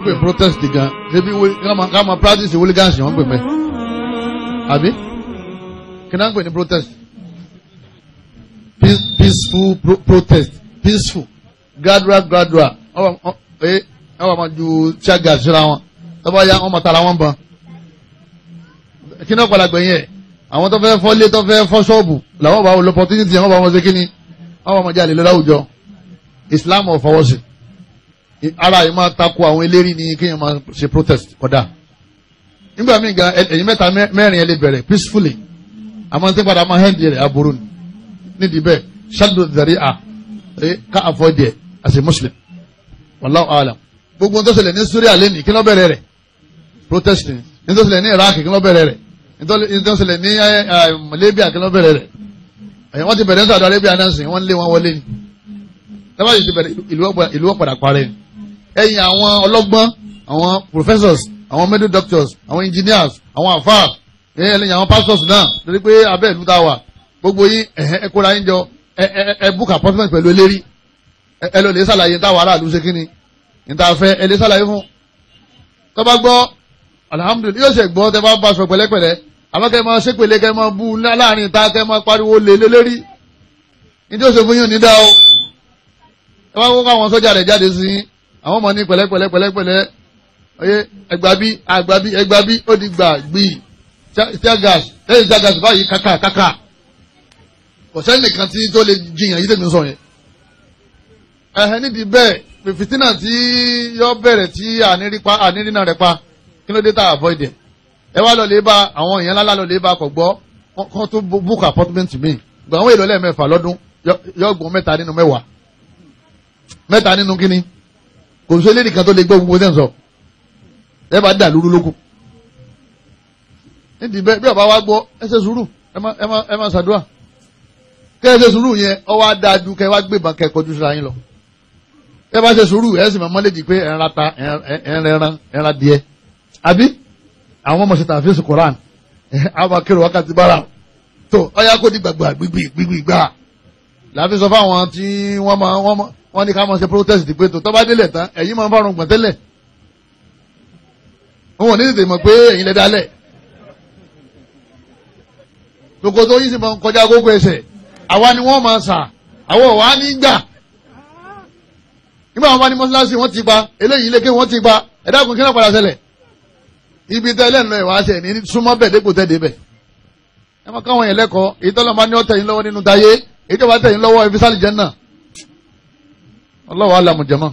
ń pè protest gan débi ká máa practice hooligancy wọ́n ń pè pẹ́ àbí kí náà ń pè ní protest peaceful pro protest peaceful gradual gradual ẹ eh, wà máa ju ṣága síra wọn tọ́ba ya wọn máa tara wọn ban kí náà padà gbẹ̀yìn ẹ̀ àwọn tó fẹ́ fọ́lé tó fẹ́ fọ́ ṣọ́ọ̀bù làwọn bá wọlé opportunity yẹn wọ́n bá wọn ṣe kí ni wọ́n bá wọn jẹ́ àlè lọ́wọ́ àwùjọ Islam ò fọwọ́ ara yìí máa tako àwọn eléri ni kéèyàn máa ṣe protest kódà nígbà míì gan ẹ̀yìn mẹ́ta mẹ́rin ẹ lè bẹ̀rẹ̀ peacefully àmọ́ tí padà máa hẹ́ndì rẹ̀ aburú ni nídìí bẹ́ẹ̀ ṣáàdùn zari a ká àfọ́jẹ as a muslim wallahu alam gbogbo ohun tó ṣẹlẹ̀ ní Syria lẹ́nìí kí ló bẹ̀rẹ̀ rẹ̀ protest ni ní tó ṣẹlẹ̀ ní Iraq kí ló bẹ̀rẹ̀ rẹ̀ ní tó ṣẹlẹ̀ ní Libya kí ló bẹ̀rẹ̀ rẹ̀ ẹ̀yìn wọ́n ti bẹ̀rẹ̀ ní Saudi Arabia náà sìn wọ́n lé wọn wọlé ni ẹ̀yìn àwọn ọlọ́gbọ́n àwọn professors àwọn medical doctors àwọn engineers àwọn àfáà ẹ̀yìn àwọn pastors náà torí pé abẹ́ ìlú tá a wà gbogbo yín ẹ kóra yín jọ ẹ book appointment pẹ̀lú eléri ẹ lọ lè ṣàlàyé ní táwọn aráàlú ṣe kí ni ní tá a fẹ́ ẹ lè ṣàlàyé fún tó bá gbọ́ alhamdulilayi yóò ṣe gbọ́ tẹ bá bá aṣọ pẹ̀lẹ́pẹ̀lẹ́ àwọn kẹ́ máa ṣépele kẹ́ máa bú láàrin ìta kẹ́ máa pariwo lé lélẹ́rí ní tí ó ṣe fún yín ní dá o ẹ bá kó káwọn sọ́jà rẹ̀ jáde sí yín àwọn ọmọ ní pẹ̀lẹ́pẹ̀lẹ́ pẹ̀lẹ́pẹ̀lẹ́ oyè ẹgbàbí àgbàbí ẹgbàbí ó di gbà gbì tíagas lẹ́yìn tíagas báyìí kàkà kàkà kò sẹ́nìkan tí tó lè jiyàn yìí tèmi sọ yẹn. ẹ̀hẹ́ nídìí bẹ́ẹ̀ fìtínà tí yọ bẹ̀rẹ̀ tí ànírínà rẹ̀ pa kí ló dé tá avoid ẹ̀ ẹ wá lọ lè ba àwọn èèyàn ńlá lọ lè ba kọ̀ gbọ́ kó tó book appointment mi gbọ̀n àwọn èèlò lẹ́ẹ̀mẹ́fà lọ́dún yọ gbọ̀n mẹ́ta nínú mẹ́wàá mẹ́ta nínú kínní kò sí eléyìí kan tó lè gbọ́ gbogbo tẹ́ ń sọ ẹ bá dà lúrú lóko nídìí bẹ́ẹ̀ bí ọba wa gbọ́ ẹ ṣe sùúrù ẹ má ẹ má ẹ má ṣàdúrà kẹ́ ẹ ṣe sùúrù yẹn ọ wá dáa ju kẹ́ ẹ wá gbé ìbọn kẹ́ ẹ kọjú síra yín lọ ẹ bá ṣe sùúrù ẹ sì máa mọ́lẹ̀ di pé ẹ̀ ń ra ta ẹ̀ ń rẹran ẹ̀ ń ra díẹ̀ àbí àwọn ọmọ ṣètà àfihàn Koran àwọn akérò wákàtí bára tó ọyá kó di gbàgbà gbígbì gbígbì gbà láfi sọ fáwọn tí wọ́n máa wọ́n máa wọ́n ní ká máa ṣe protest pé tọ́ bá délẹ̀ tán ẹ̀yin máa ń fárun gbọ̀n tẹ́lẹ̀ wọn ò ní tètè mọ̀ pé ẹ̀yin lẹ dálẹ̀ gbogbo tó yín sì máa ń kọjá gbogbo ẹsẹ̀ àwa ni wọ́n máa sà àwa ò wá ní gbà nígbà wọn bá ní mọ́ṣáláṣí wọ́n ti pa eléyìí ilé kí wọ́n ti pa ẹ̀dá kun kí náà padà ṣẹlẹ̀ ibi tẹ́ lẹ́nu ẹ̀ wá ṣẹ̀ ní súnmọ́ bẹ̀ dépò tẹ́ débẹ̀ ẹ máa káwọn yẹn lẹ́kọ̀ọ́ èyí tọ́lọ́ máa ní èyí tó bá tẹ̀yìn lọ́wọ́ ẹ fi sálì jẹ́ náà ọlọ́wọ́ alamu